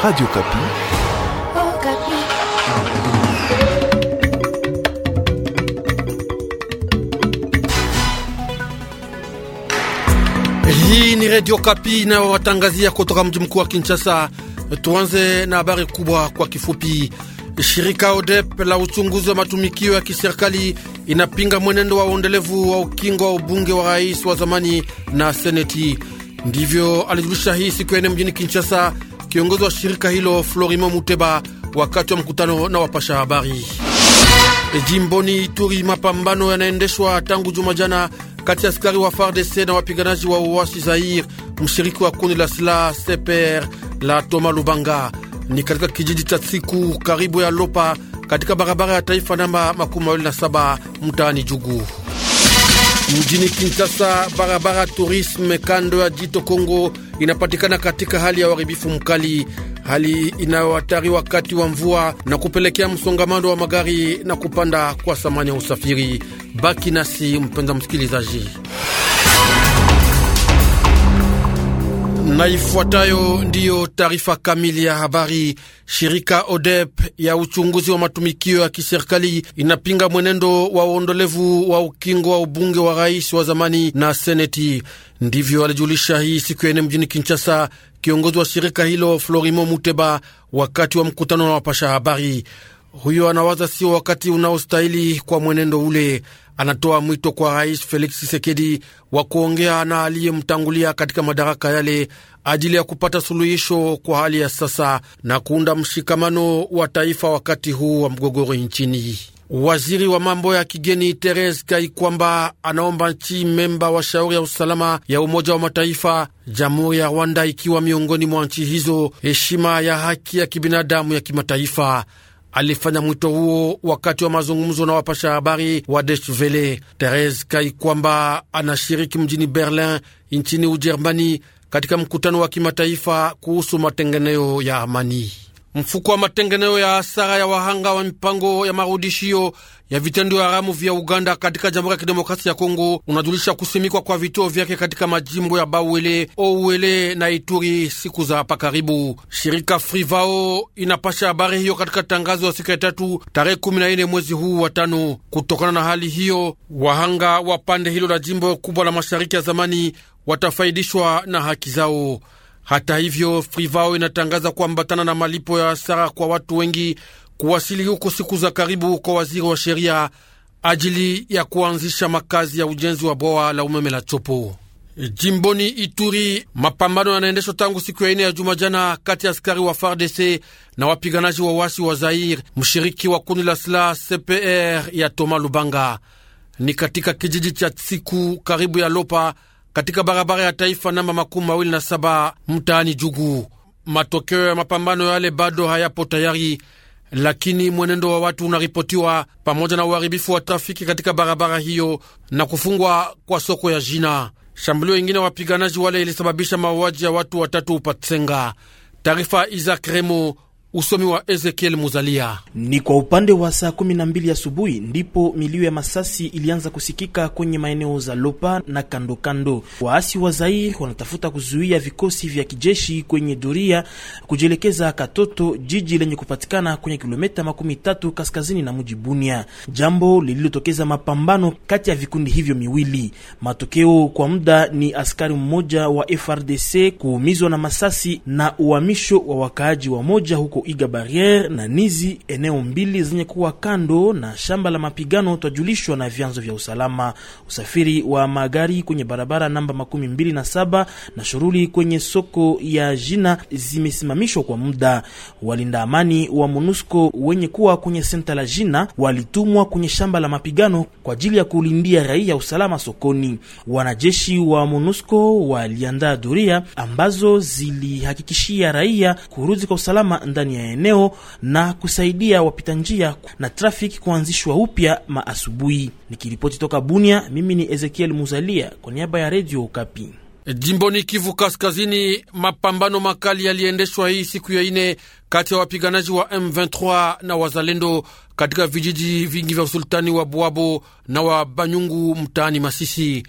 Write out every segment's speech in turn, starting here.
Radio Kapi. Oh, Kapi. Hii ni Radio Kapi nao watangazia kutoka mji mkuu wa Kinshasa. Tuanze na habari kubwa kwa kifupi. Shirika ODEP la uchunguzi wa matumikio ya kiserikali inapinga mwenendo wa uendelevu wa ukingo wa ubunge wa rais wa zamani na seneti. Ndivyo alijulisha hii siku ya nne mjini Kinshasa kiongozi wa shirika hilo Florimo Muteba wakati wa mkutano na wapasha habari. E, jimboni Ituri, mapambano yanaendeshwa tangu juma jana kati ya askari wa FARDC na wapiganaji wa uasi Zair, mshiriki wa kundi la silaha seper la Toma Lubanga, ni katika kijiji cha Siku karibu ya Lopa katika barabara ya taifa namba 27 mtaani Jugu. Mjini Kinshasa, barabara tourisme kando ya jito Kongo inapatikana katika hali ya uharibifu mkali, hali inayohatari wakati wa mvua na kupelekea msongamano wa magari na kupanda kwa thamani ya usafiri. Baki nasi mpenza msikilizaji. Na ifuatayo ndiyo taarifa kamili ya habari. Shirika ODEP ya uchunguzi wa matumikio ya kiserikali inapinga mwenendo wa uondolevu wa ukingo wa ubunge wa rais wa zamani na seneti. Ndivyo alijulisha hii siku ya ine mjini Kinshasa kiongozi wa shirika hilo Florimo Muteba wakati wa mkutano na wapasha habari. Huyo anawaza sio wakati unaostahili kwa mwenendo ule anatoa mwito kwa Rais Felix chisekedi wa kuongea na aliyemtangulia katika madaraka yale ajili ya kupata suluhisho kwa hali ya sasa na kuunda mshikamano wa taifa wakati huu wa mgogoro nchini. Waziri wa mambo ya kigeni Teres Kaikwamba anaomba nchi memba wa shauri ya usalama ya Umoja wa Mataifa, jamhuri ya Rwanda ikiwa miongoni mwa nchi hizo, heshima ya haki ya kibinadamu ya kimataifa alifanya mwito huo wakati wa mazungumzo na wapasha habari wa Deutsche Welle. Therese Kai kwamba anashiriki mjini Berlin nchini Ujerumani katika mkutano wa kimataifa kuhusu matengeneo ya amani. Mfuko wa matengeneo ya hasara ya wahanga wa mipango ya marudishio ya vitendo haramu vya Uganda katika Jamhuri ya Kidemokrasia ya Kongo unajulisha kusimikwa kwa vituo vyake katika majimbo ya Bawele, Ouwele na Ituri siku za hapa karibu. Shirika Frivao inapasha habari hiyo katika tangazo ya siku ya tatu tarehe nne mwezi huu wa tano. Kutokana na hali hiyo, wahanga wa pande hilo la jimbo kubwa la mashariki ya zamani watafaidishwa na haki zao. Hata hivyo, Frivao inatangaza kuambatana na malipo ya hasara kwa watu wengi kuwasili huko siku za karibu kwa waziri wa sheria ajili ya kuanzisha makazi ya ujenzi wa bwawa la umeme la Chopo jimboni Ituri. Mapambano yanaendeshwa tangu siku ya ine ya juma jana kati ya askari wa FARDC na wapiganaji wa wasi wa Zair, mshiriki wa kundi la silaha CPR ya Toma Lubanga, ni katika kijiji cha siku karibu ya Lopa katika barabara ya taifa namba makumi mawili na saba mtaani Jugu. Matokeo ya mapambano yale bado hayapo tayari lakini mwenendo wa watu unaripotiwa pamoja na uharibifu wa trafiki katika barabara hiyo na kufungwa kwa soko ya jina. Shambulio ingine wapiganaji wale ilisababisha mauaji ya watu watatu Upatsenga. Taarifa Isaac Remo Usomi wa Ezekiel Muzalia. Ni kwa upande wa saa mbili asubuhi ndipo milio ya masasi ilianza kusikika kwenye maeneo za Lopa na kando kando. Waasi wa zair wanatafuta kuzuia vikosi vya kijeshi kwenye doria kujielekeza Katoto, jiji lenye kupatikana kwenye kilometa makumi tatu kaskazini na mji Bunia, jambo lililotokeza mapambano kati ya vikundi hivyo miwili. Matokeo kwa muda ni askari mmoja wa FRDC kuumizwa na masasi na uhamisho wa wakaaji wa moja huko kuiga Barriere na Nizi, eneo mbili zenye kuwa kando na shamba la mapigano, twajulishwa na vyanzo vya usalama. Usafiri wa magari kwenye barabara namba makumi mbili na saba na shughuli kwenye soko ya jina zimesimamishwa kwa muda. Walinda amani wa MONUSCO wenye kuwa kwenye senta la jina walitumwa kwenye shamba la mapigano kwa ajili ya kulindia raia usalama sokoni. Wanajeshi wa MONUSCO waliandaa doria ambazo zilihakikishia raia kurudi kwa usalama ndani ndani ya eneo na kusaidia wapita njia na trafiki kuanzishwa upya maasubuhi. Nikiripoti toka Bunia, mimi ni Ezekiel Muzalia kwa niaba ya Redio Okapi. Jimboni Kivu Kaskazini, mapambano makali yaliendeshwa hii siku ya ine kati ya wapiganaji wa M23 na wazalendo katika vijiji vingi vya usultani wa Bwabo na wa Banyungu mtaani Masisi.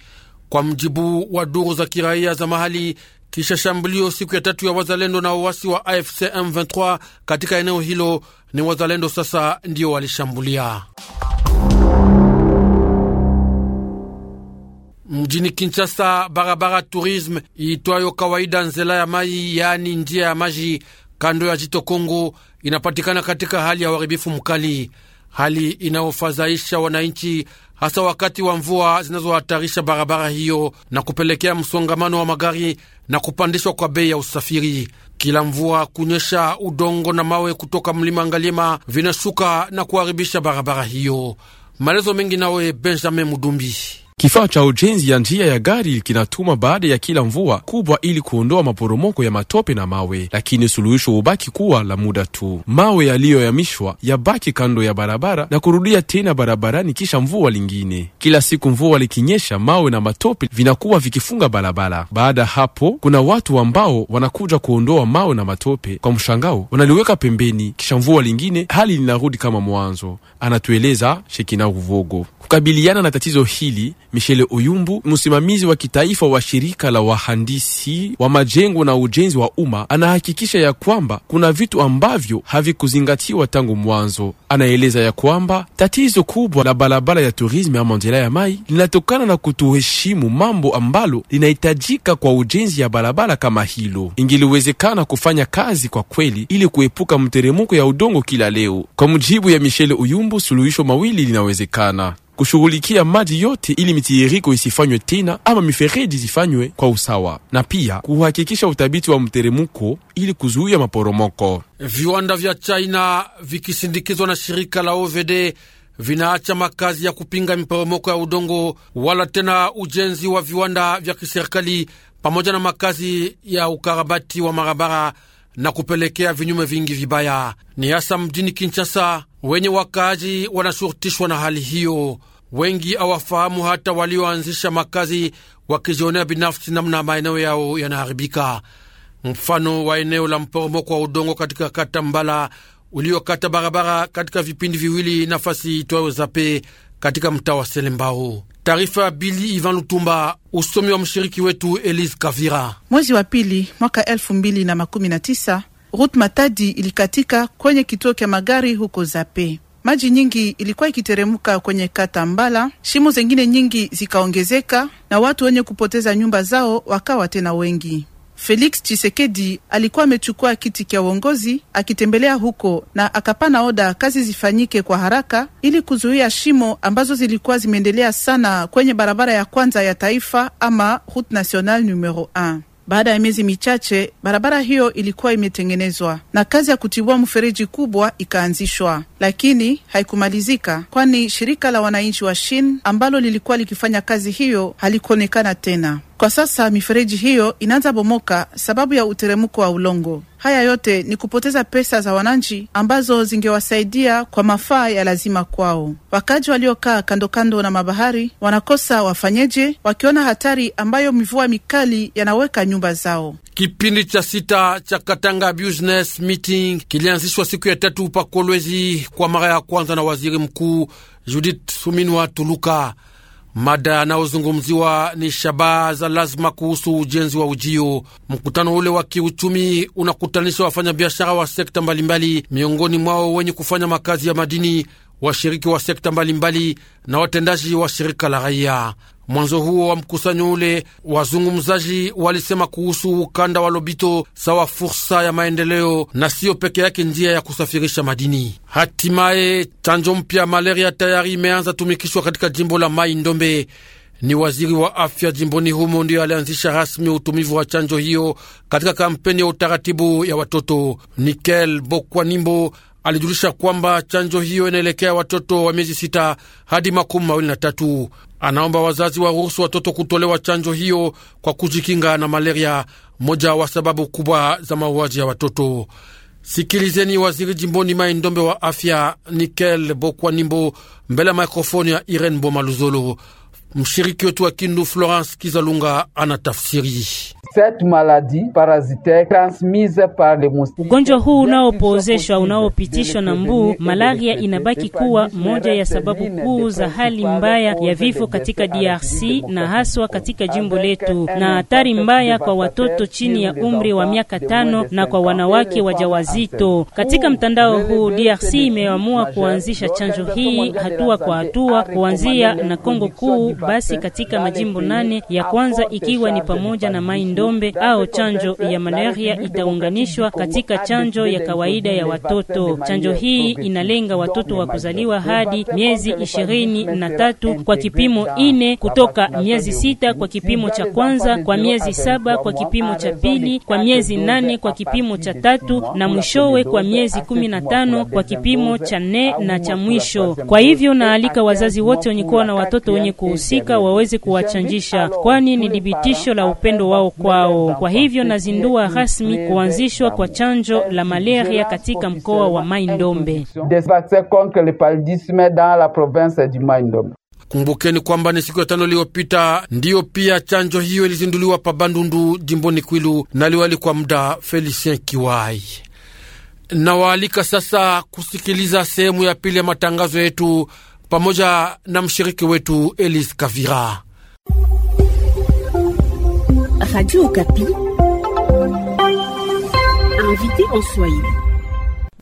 Kwa mjibu wa duru za kiraia za mahali, kisha shambulio siku ya tatu ya wazalendo na waasi wa AFC M23 katika eneo hilo. Ni wazalendo sasa ndiyo walishambulia mjini Kinshasa. Barabara tourisme iitwayo kawaida nzela ya mai, yaani njia ya maji kando ya jito Kongo, inapatikana katika hali ya uharibifu mkali, hali inayofadhaisha wananchi hasa wakati wa mvua zinazohatarisha barabara hiyo na kupelekea msongamano wa magari na kupandishwa kwa bei ya usafiri. Kila mvua kunyesha, udongo na mawe kutoka mlima Ngalima vinashuka na kuharibisha barabara hiyo. Maelezo mengi nawe Benjamin Mudumbi. Kifaa cha ujenzi ya njia ya gari kinatuma baada ya kila mvua kubwa ili kuondoa maporomoko ya matope na mawe, lakini suluhisho hubaki kuwa la muda tu. Mawe yaliyoyamishwa yabaki kando ya barabara na kurudia tena barabarani kisha mvua lingine. Kila siku mvua likinyesha, mawe na matope vinakuwa vikifunga barabara. Baada hapo, kuna watu ambao wanakuja kuondoa mawe na matope kwa mshangao, wanaliweka pembeni, kisha mvua lingine, hali linarudi kama mwanzo, anatueleza Shekina Uvogo. Kukabiliana na tatizo hili Michele Oyumbu, msimamizi wa kitaifa wa shirika la wahandisi wa majengo na ujenzi wa umma, anahakikisha ya kwamba kuna vitu ambavyo havikuzingatiwa tangu mwanzo. Anaeleza ya kwamba tatizo kubwa la barabara ya turizmi ya Mandela ya mai linatokana na kutoheshimu mambo ambalo linahitajika kwa ujenzi ya barabara kama hilo. Ingiliwezekana kufanya kazi kwa kweli ili kuepuka mteremko ya udongo kila leo. Kwa mujibu ya Michele Uyumbu, suluhisho mawili linawezekana kushughulikia maji yote ili mitiririko isifanywe tena ama mifereji zifanywe kwa usawa, na pia kuhakikisha utabiti wa mteremko ili kuzuia maporomoko. Viwanda vya China vikisindikizwa na shirika la OVD vinaacha makazi ya kupinga miporomoko ya udongo wala tena ujenzi wa viwanda vya kiserikali pamoja na makazi ya ukarabati wa marabara na kupelekea vinyume vingi vibaya. Ni hasa mjini Kinshasa wenye wakaaji wanashurutishwa na hali hiyo. Wengi hawafahamu hata walioanzisha makazi, wakijionea binafsi namna maeneo yao yanaharibika. Mfano wa eneo la mporomoko wa udongo katika kata Mbala uliokata barabara katika vipindi viwili, nafasi itwayo Zape katika mtaa wa Selembao. Taarifa ya Bili Ivan Lutumba, usomi wa mshiriki wetu Elise Kavira. Mwezi wa pili mwaka elfu mbili na makumi na tisa, Rut Matadi ilikatika kwenye kituo cha magari huko Zape. Maji nyingi ilikuwa ikiteremka kwenye kata Mbala, shimo zengine nyingi zikaongezeka na watu wenye kupoteza nyumba zao wakawa tena wengi. Felix Chisekedi alikuwa amechukua kiti cha uongozi akitembelea huko na akapana oda kazi zifanyike kwa haraka ili kuzuia shimo ambazo zilikuwa zimeendelea sana kwenye barabara ya kwanza ya taifa ama route nationale numero 1. Baada ya miezi michache, barabara hiyo ilikuwa imetengenezwa na kazi ya kutibua mfereji kubwa ikaanzishwa, lakini haikumalizika, kwani shirika la wananchi wa Shin ambalo lilikuwa likifanya kazi hiyo halikuonekana tena. Kwa sasa mifereji hiyo inaanza bomoka sababu ya uteremko wa ulongo. Haya yote ni kupoteza pesa za wananchi ambazo zingewasaidia kwa mafaa ya lazima kwao. Wakaji waliokaa kandokando na mabahari wanakosa wafanyeje, wakiona hatari ambayo mivua mikali yanaweka nyumba zao. Kipindi cha sita cha Katanga Business Meeting kilianzishwa siku ya tatu pa Kolwezi kwa mara ya kwanza na waziri mkuu Judith Suminwa Tuluka. Mada anayozungumziwa ni shabaha za lazima kuhusu ujenzi wa ujio. Mkutano ule wa kiuchumi unakutanisha wafanyabiashara wa sekta mbalimbali, miongoni mwao wenye kufanya makazi ya madini, washiriki wa sekta mbalimbali na watendaji wa shirika la raia. Mwanzo huo wa mkusanyo ule, wazungumzaji walisema kuhusu ukanda wa Lobito sawa fursa ya maendeleo na siyo peke yake njia ya kusafirisha madini. Hatimaye chanjo mpya malaria tayari imeanza tumikishwa katika jimbo la Mai Ndombe. Ni waziri wa afya jimboni humo ndiyo alianzisha rasmi utumivu wa chanjo hiyo katika kampeni ya utaratibu ya watoto. Nikel Bokwanimbo alijulisha kwamba chanjo hiyo inaelekea watoto wa miezi sita hadi makumi mawili na tatu. Anaomba wazazi waruhusu watoto kutolewa chanjo hiyo kwa kujikinga na malaria, moja wa sababu kubwa za mauaji ya watoto. Sikilizeni waziri jimboni Mai Ndombe wa afya Nikel Bokwanimbo mbele ya mikrofoni ya Irene Bomaluzolo. Mshiriki wetu wa Kindu Florence Kizalunga anatafsiri ugonjwa huu unaopozeshwa unaopitishwa na mbu. Malaria inabaki kuwa moja ya sababu kuu za hali mbaya ya vifo katika DRC na haswa katika jimbo letu, na hatari mbaya kwa watoto chini ya umri wa miaka tano na kwa wanawake wajawazito. Katika mtandao huu, DRC imeamua kuanzisha chanjo hii hatua kwa hatua kuanzia na Kongo Kuu basi katika majimbo nane ya kwanza ikiwa ni pamoja na mai ndombe au chanjo ya malaria itaunganishwa katika chanjo ya kawaida ya watoto. Chanjo hii inalenga watoto wa kuzaliwa hadi miezi ishirini na tatu kwa kipimo ine, kutoka miezi sita kwa kipimo cha kwanza, kwa miezi saba kwa kipimo cha pili, kwa miezi nane kwa kipimo cha tatu na mwishowe kwa miezi kumi na tano kwa kipimo cha nne na cha mwisho. Kwa hivyo naalika wazazi wote wenye kuwa na watoto wenye kuhusika wahusika waweze kuwachanjisha, kwani ni dhibitisho la upendo wao kwao. Kwa hivyo nazindua rasmi kuanzishwa kwa chanjo la malaria katika mkoa wa maindombe Kumbukeni kwamba ni siku ya tano iliyopita ndiyo pia chanjo hiyo ilizinduliwa pa Bandundu jimboni Kwilu, na kwa muda Felicien Kiwai. Nawaalika sasa kusikiliza sehemu ya pili ya matangazo yetu pamoja na mshiriki wetu Elise Kavira.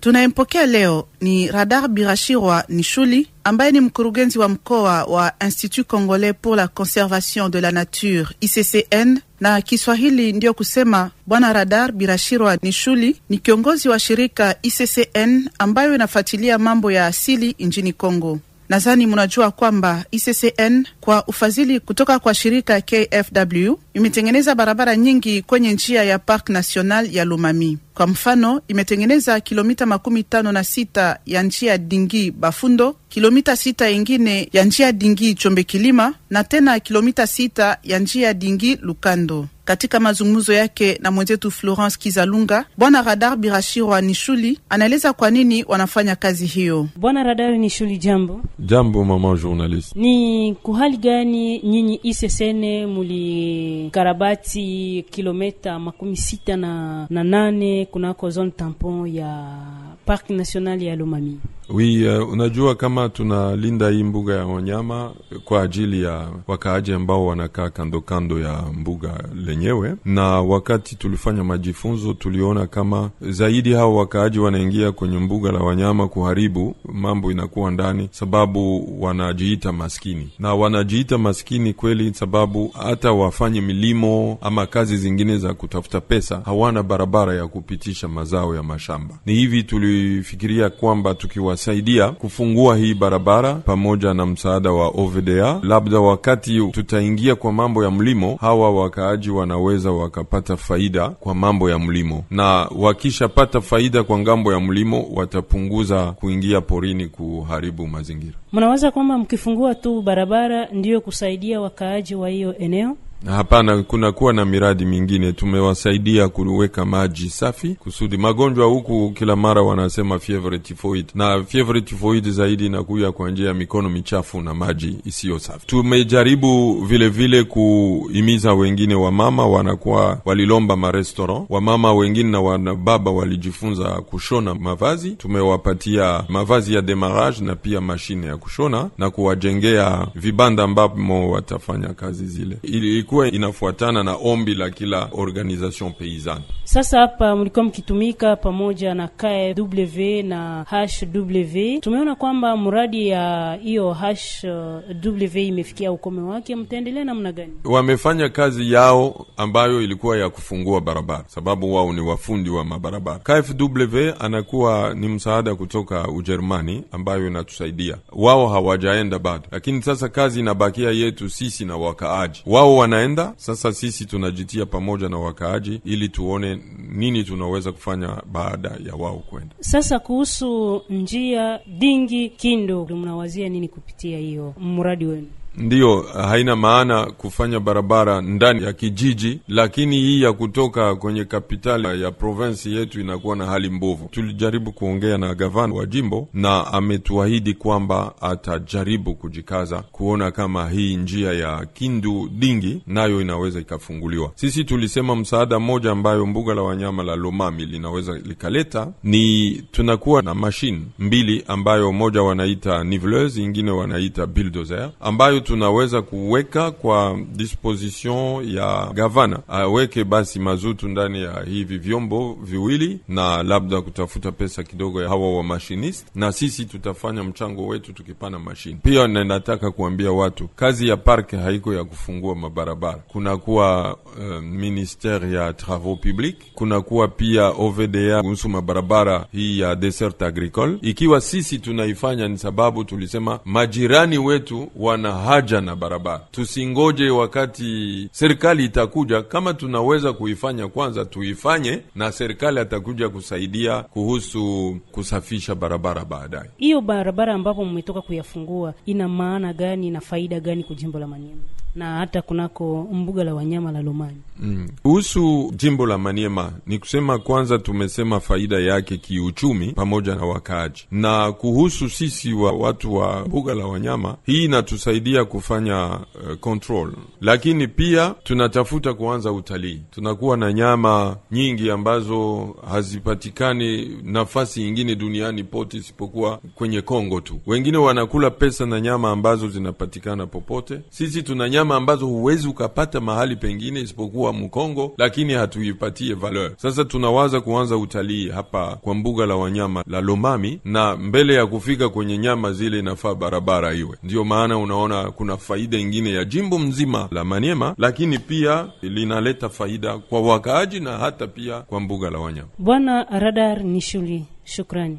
Tunayempokea leo ni Radar Birashirwa Nishuli ambaye ni mkurugenzi wa mkoa wa Institut Congolais pour la Conservation de la Nature ICCN na Kiswahili ndiyo kusema. Bwana Radar Birashirwa Nishuli ni kiongozi wa shirika ICCN ambayo inafuatilia mambo ya asili nchini congo Nadhani mnajua kwamba ICCN kwa ufadhili kutoka kwa shirika KFW imetengeneza barabara nyingi kwenye njia ya Park National ya Lomami. Kwa mfano, imetengeneza kilomita makumi tano na sita ya njia Dingi Bafundo, kilomita sita ingine ya njia Dingi Chombe Kilima na tena kilomita sita ya njia Dingi Lukando. Katika mazungumzo yake na mwenzetu Florence Kizalunga, Bwana Radar Birashiro Nishuli anaeleza kwa nini wanafanya kazi hiyo. Bwana Radar Nishuli, jambo. Jambo mama journalist. Ni kuhali gani nyinyi isesene muli karabati kilometa makumi sita na, na nane kunako zone tampon ya parc national ya Lomami. Wi uh, unajua kama tunalinda hii mbuga ya wanyama kwa ajili ya wakaaji ambao wanakaa kando kando ya mbuga lenyewe, na wakati tulifanya majifunzo tuliona kama zaidi hao wakaaji wanaingia kwenye mbuga la wanyama kuharibu mambo inakuwa ndani, sababu wanajiita maskini, na wanajiita maskini kweli, sababu hata wafanye milimo ama kazi zingine za kutafuta pesa, hawana barabara ya kupitisha mazao ya mashamba. Ni hivi tulifikiria kwamba tukiwa inasaidia kufungua hii barabara pamoja na msaada wa OVDA. Labda wakati tutaingia kwa mambo ya mlimo, hawa wakaaji wanaweza wakapata faida kwa mambo ya mlimo, na wakishapata faida kwa ngambo ya mlimo watapunguza kuingia porini kuharibu mazingira. Mnaweza kwamba mkifungua tu barabara ndiyo kusaidia wakaaji wa hiyo eneo. Hapana, kunakuwa na miradi mingine. Tumewasaidia kuweka maji safi kusudi magonjwa huku kila mara wanasema fever typhoid, na fever typhoid zaidi inakuya kwa njia ya mikono michafu na maji isiyo safi. Tumejaribu vilevile vile kuhimiza wengine, wamama wanakuwa walilomba marestaurant, wamama wengine na wanababa walijifunza kushona mavazi. Tumewapatia mavazi ya demarage na pia mashine ya kushona na kuwajengea vibanda ambamo watafanya kazi zile ili ilikuwa inafuatana na ombi la kila organization paysan. Sasa hapa mlikuwa mkitumika pamoja na KW na HW, tumeona kwamba mradi ya hiyo HW imefikia ukome wake, mtaendelea namna gani? Wamefanya kazi yao ambayo ilikuwa ya kufungua barabara, sababu wao ni wafundi wa mabarabara. KFW anakuwa ni msaada kutoka Ujerumani ambayo inatusaidia. Wao hawajaenda bado, lakini sasa kazi inabakia yetu sisi na wakaaji wao wana tunaenda sasa. Sisi tunajitia pamoja na wakaaji ili tuone nini tunaweza kufanya baada ya wao kwenda. Sasa kuhusu njia Dingi Kindo, mnawazia nini kupitia hiyo mradi wenu? ndiyo haina maana kufanya barabara ndani ya kijiji, lakini hii ya kutoka kwenye kapitali ya provensi yetu inakuwa na hali mbovu. Tulijaribu kuongea na gavana wa jimbo na ametuahidi kwamba atajaribu kujikaza kuona kama hii njia ya Kindu Dingi nayo inaweza ikafunguliwa. Sisi tulisema msaada mmoja ambayo mbuga la wanyama la Lomami linaweza likaleta ni tunakuwa na mashine mbili ambayo moja wanaita niveleuse, ingine wanaita bildoser ambayo tunaweza kuweka kwa disposition ya gavana aweke basi mazutu ndani ya hivi vyombo viwili, na labda kutafuta pesa kidogo ya hawa wa mashinist, na sisi tutafanya mchango wetu tukipana mashini pia. Na nataka kuambia watu kazi ya parke haiko ya kufungua mabarabara, kunakuwa uh, eh, ministere ya travaux public kunakuwa pia OVDA kuhusu mabarabara hii ya desert agricole. Ikiwa sisi tunaifanya ni sababu tulisema majirani wetu wana haja na barabara. Tusingoje wakati serikali itakuja. Kama tunaweza kuifanya kwanza, tuifanye na serikali atakuja kusaidia kuhusu kusafisha barabara baadaye. Hiyo barabara ambapo mmetoka kuyafungua ina maana gani na faida gani kwa jimbo la Maniema? na hata kunako mbuga la wanyama la Lomani. Mm. Kuhusu mm, jimbo la Maniema ni kusema kwanza, tumesema faida yake kiuchumi pamoja na wakaaji, na kuhusu sisi wa watu wa mbuga la wanyama, hii inatusaidia kufanya uh, control, lakini pia tunatafuta kuanza utalii. Tunakuwa na nyama nyingi ambazo hazipatikani nafasi nyingine duniani pote isipokuwa kwenye Kongo tu. Wengine wanakula pesa na nyama ambazo zinapatikana popote, sisi tuna nyama nyama ambazo huwezi ukapata mahali pengine isipokuwa Mkongo, lakini hatuipatie valeur. Sasa tunawaza kuanza utalii hapa kwa mbuga la wanyama la Lomami, na mbele ya kufika kwenye nyama zile inafaa barabara iwe. Ndiyo maana unaona kuna faida ingine ya jimbo mzima la Maniema, lakini pia linaleta faida kwa wakaaji na hata pia kwa mbuga la wanyama. Bwana Radar Nishuli, shukrani.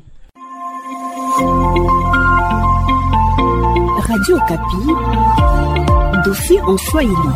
Radio Okapi, dofi en Swahili.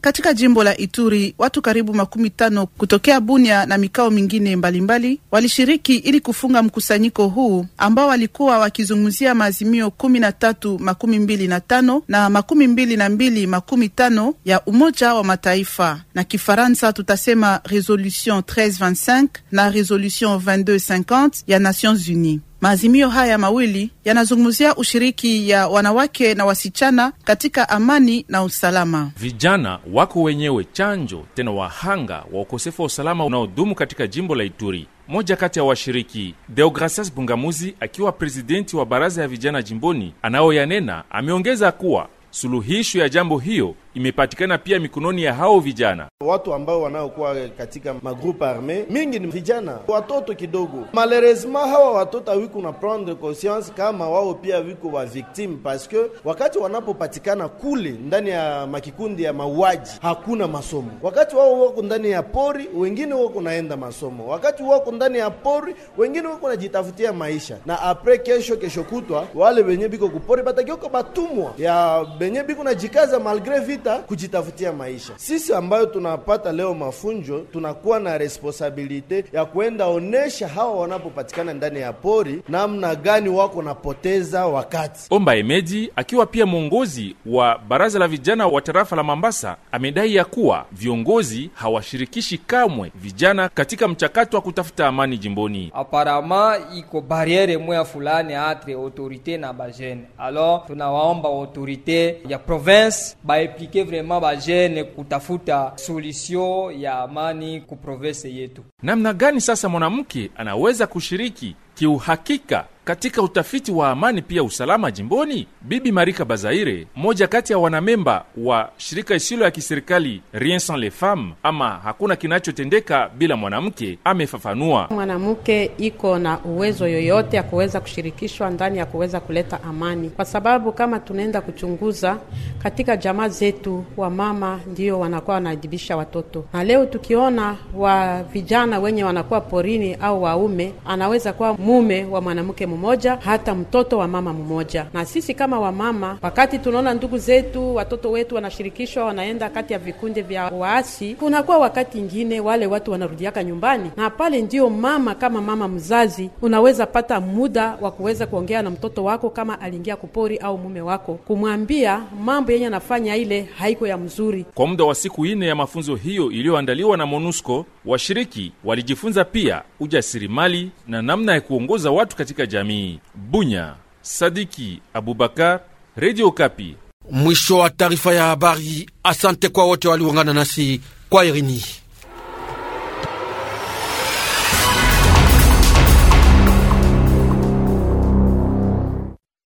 Katika jimbo la Ituri watu karibu makumi tano kutokea Bunia na mikao mingine mbalimbali mbali, walishiriki ili kufunga mkusanyiko huu ambao walikuwa wakizungumzia maazimio kumi na tatu makumi mbili na tano na makumi mbili na mbili makumi tano ya Umoja wa Mataifa na Kifaransa tutasema resolution 1325 na resolution 2250 ya Nations Unies. Maazimio haya mawili yanazungumzia ushiriki ya wanawake na wasichana katika amani na usalama. Vijana wako wenyewe chanjo tena wahanga wa ukosefu wa usalama unaodumu katika jimbo la Ituri. Moja kati ya washiriki Deogracias Bungamuzi, akiwa prezidenti wa baraza ya vijana jimboni, anayoyanena ameongeza kuwa suluhisho ya jambo hiyo imepatikana pia mikononi ya hao vijana, watu ambao wanaokuwa katika magrupe arme mingi ni vijana, watoto kidogo. Malheureusement hawa watoto hawiku na prendre conscience kama wao pia wiko wa victime, que wakati wanapopatikana kule ndani ya makikundi ya mauaji hakuna masomo. Wakati wao wako ndani ya pori, wengine wako naenda masomo. Wakati wako ndani ya pori, wengine wako najitafutia maisha, na apres kesho kesho kutwa wale wenye biko kupori batakioko batumwa ya benye biko najikaza malgre vita wanapita kujitafutia maisha. Sisi ambayo tunapata leo mafunjo, tunakuwa na responsabilite ya kuenda onesha hawa wanapopatikana ndani ya pori namna gani wako napoteza wakati. Omba Emeji akiwa pia mwongozi wa baraza la vijana wa tarafa la Mambasa amedai ya kuwa viongozi hawashirikishi kamwe vijana katika mchakato wa kutafuta amani jimboni. Aparama iko bariere moya fulani atre autorite na bajene, alo, tunawaomba autorite ya province baepli tuwaimplique vraiment bajene kutafuta solution ya amani ku province yetu. Namna gani sasa mwanamke anaweza kushiriki kiuhakika katika utafiti wa amani pia usalama jimboni. Bibi Marika Bazaire, mmoja kati ya wanamemba wa shirika isilo ya kiserikali Rien Sans Les Femmes, ama hakuna kinachotendeka bila mwanamke, amefafanua mwanamke iko na uwezo yoyote ya kuweza kushirikishwa ndani ya kuweza kuleta amani, kwa sababu kama tunaenda kuchunguza katika jamaa zetu, wamama ndio wanakuwa wanaadibisha watoto, na leo tukiona wa vijana wenye wanakuwa porini au waume, anaweza kuwa mume wa mwanamke mmoja hata mtoto wa mama mmoja. Na sisi kama wamama, wakati tunaona ndugu zetu, watoto wetu wanashirikishwa, wanaenda kati ya vikundi vya waasi, kunakuwa wakati ingine wale watu wanarudiaka nyumbani, na pale ndiyo mama kama mama mzazi unaweza pata muda wa kuweza kuongea na mtoto wako kama aliingia kupori au mume wako, kumwambia mambo yenye anafanya ile haiko ya mzuri. Kwa muda wa siku ine ya mafunzo hiyo iliyoandaliwa na MONUSCO, washiriki walijifunza pia ujasiri mali na namna ya kuongoza watu katika jamii kijamii. Bunya, Sadiki Abubakar, Radio Kapi. Mwisho wa taarifa ya habari. Asante kwa wote waliungana nasi kwa Irini.